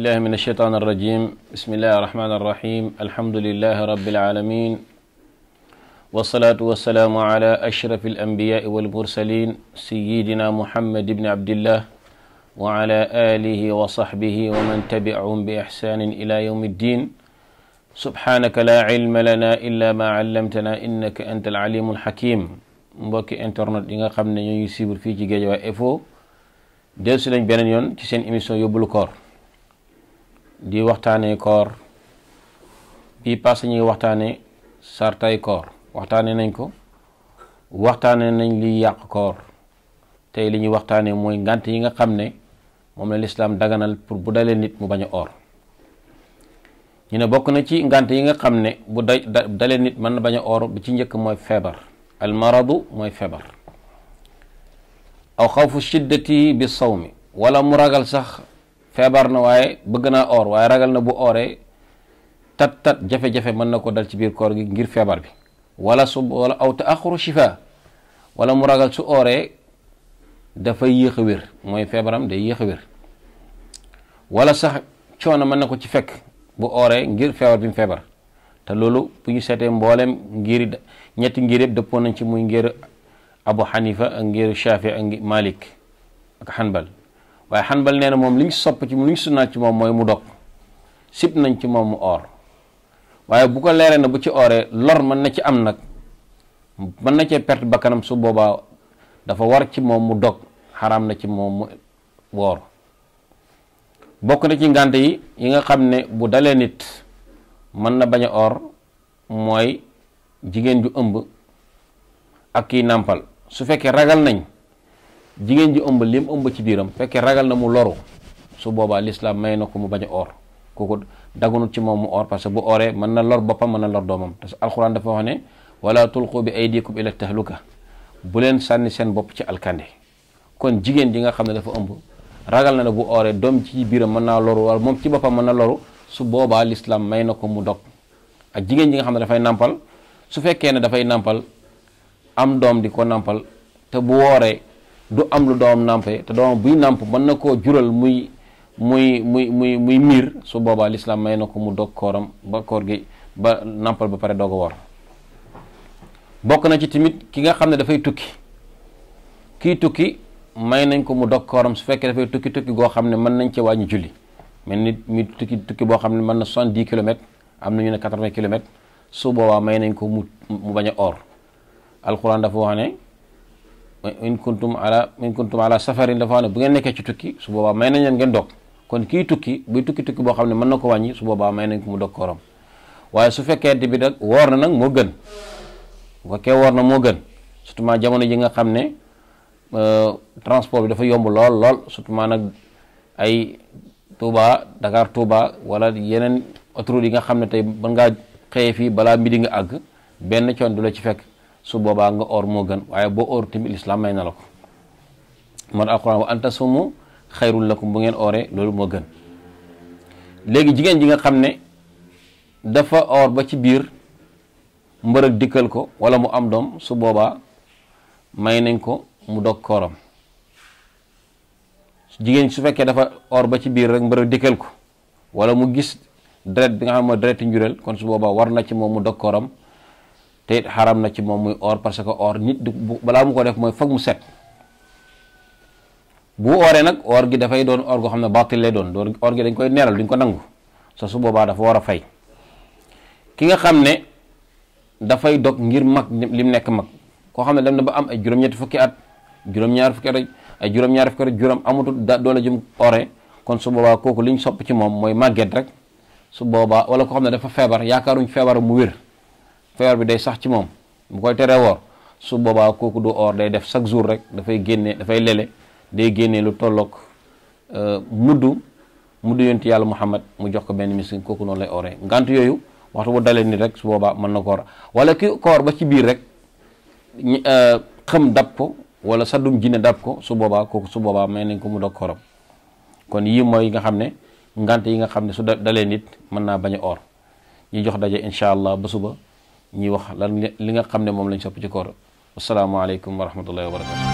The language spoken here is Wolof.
بالله من الشيطان الرجيم بسم الله الرحمن الرحيم الحمد لله رب العالمين والصلاة والسلام على أشرف الأنبياء والمرسلين سيدنا محمد بن عبد الله وعلى آله وصحبه ومن تبعهم بإحسان إلى يوم الدين سبحانك لا علم لنا إلا ما علمتنا إنك أنت العليم الحكيم مبكي انترنت yi nga xam ne ñoo ñuy suivre fii ci Guédiawaye Info dellusi nañ di waxtaanee koor bii passé ñuy waxtaanee sartay koor waxtaanee nañ ko waxtaanee nañ li yàq koor tey li ñuy waxtaanee mooy ngante yi nga xam ne moom la lislaam daganal pour bu dalee nit mu bañ a ñu ne bokk na ci ngànt yi nga xam ne bu da dalee nit mën na bañ a oor bi ci njëkk mooy feebar al mooy feebar aw xawfu shiddati bi sawmi wala mu ragal sax feebar na waaye bëgg naa or waaye ragal na bu ore tat tat jafe-jafe mën na ko dal ci biir koor gi ngir feebar bi wala su wala aw taaxuru mu ragal su ooree dafay yéex a wér mooy feebaram day yéex a wér wala sax coono mën na ko ci fekk bu ooree ngir feebar bi mu feebar te loolu bu ñu seetee mbooleem ngiri ñetti ngir yëpp dëppoon nañ ci muy ngir Abu Hanifa ak ngir Shafi ak Malik ak Hanbal waye hanbal neena mom liñ sopp ci liñ sunna ci mom moy mu dok sip nañ ci mom or waye bu ko léré na bu ci oré lor man na ci am nak man na ci perte bakanam su boba dafa war ci mom mu dok haram na ci mom mu wor bokku na ci ngant yi yi nga xamné bu dalé nit man na baña or moy jigen ju ëmb ak kiy nampal su fekke ragal nañ jigéen ji ëmb lim ëmb ci biiram fekkee ragal na mu loru su boobaa lislaam may na ko mu bañ oor kooku dagunut ci moom mu parce que bu ooree mën na lor boppam mën na lor doomam parce que alxuraan dafa wax ne wala tulqu bi aydikum ila tahluka bu leen sànni seen bopp ci alkande kon jigéen ji nga xam ne dafa ëmb ragal na ne bu ooree doom ci biiram mën naa loru wala ci boppam mën na loru su boobaa lislaam may na ko mu dog ak jigéen ji nga xam ne dafay nàmpal su fekkee ne dafay nàmpal am doom di ko nàmpal te bu wooree du am lu doom nampé té doom buy namp man nako jural muy muy muy muy muy mir, su boba l'islam may nako mu dog koram ba kor gi ba nampal ba paré dogo wor bok na ci timit ki nga xamné da fay tukki ki tukki may nañ ko mu dog koram su da fay tukki tukki go xamné man nañ ci wañu julli mel nit mi tukki tukki bo xamné man na 70 km am na ñu ne quatre su boba may nañ ko mu baña or alxuraan dafa wax ne in kuntum ala in kuntum ala safarin dafa wax ne bu ngeen nekkee ci tukki su booba may nañ leen ngeen dog kon kii tukki buy tukki tukki boo xam ne mën na ko wàññi su boobaa may nañ ko mu dog kooram waaye su fekkente bi nag woor na nag moo gën bu fekkee woor na moo gën surtout jamono ji nga xam ne euh, transport bi dafa yomb lool lool surtout ma nag ay Touba Dakar Touba wala yeneen autoroute yi nga xam ne tey mën ngaa xëyee fii balaa midi nga àgg benn coon du la ci fekk su boba nga or mo gën waye bo or tamit lislaam may nalako mar alquran wa anta sumu khairul lakum bu ngeen oré lolu mo gën légui jigen ji nga xamné ne dafa or ba ci mbeur ak dikkel ko wala mu am dom su boba may nañ ko mu dok korom jigen su fekke dafa or ba ci bir rek mbërëg dikkel ko wala mu gis dret bi nga xam ne mooy kon su warna war na ci mom mu dok korom te it xaram na ci moom muy or parce que or nit du balaa mu ko def mooy foog mu set bu ooree nag or gi dafay doon or goo xam ne baatil lay doon or gi dañ koy neeral duñ ko nangu sa su boobaa dafa war a fay ki nga xam ne dafay dog ngir mag lim nekk mag koo xam ne dem na ba am ay juróom fukki at juróom-ñaar fukki ay juróom juróom amatul da doole jum ore kon su boobaa kooku liñ sopp ci moom mooy màgget rek su boobaa wala koo xam ne dafa feebar yaakaaruñ feebar mu wér fer bi day sax ci mom bu koy tere wor su boba koku du or day def chaque jour rek génné da fay lele day génné lu lok euh, muddu muddu yent yalla muhammad mu jox ko ben miskin koku non lay oré ngant yoyu waxtu bu dalé ni rek su boba man na koor wala ki koor ba ci bir rek euh, xam dab ko wala sadum jinne dab ko su boba koku su boba may nañ ko mu koram kon yi moy nga xamné ngant yi nga xamné su dalé nit man na baña or ñi jox dajé inshallah allah ba suba ñi wax lan li nga xamne mom lañ sopp ci koor assalamu alaykum wa rahmatullahi wa barakatuh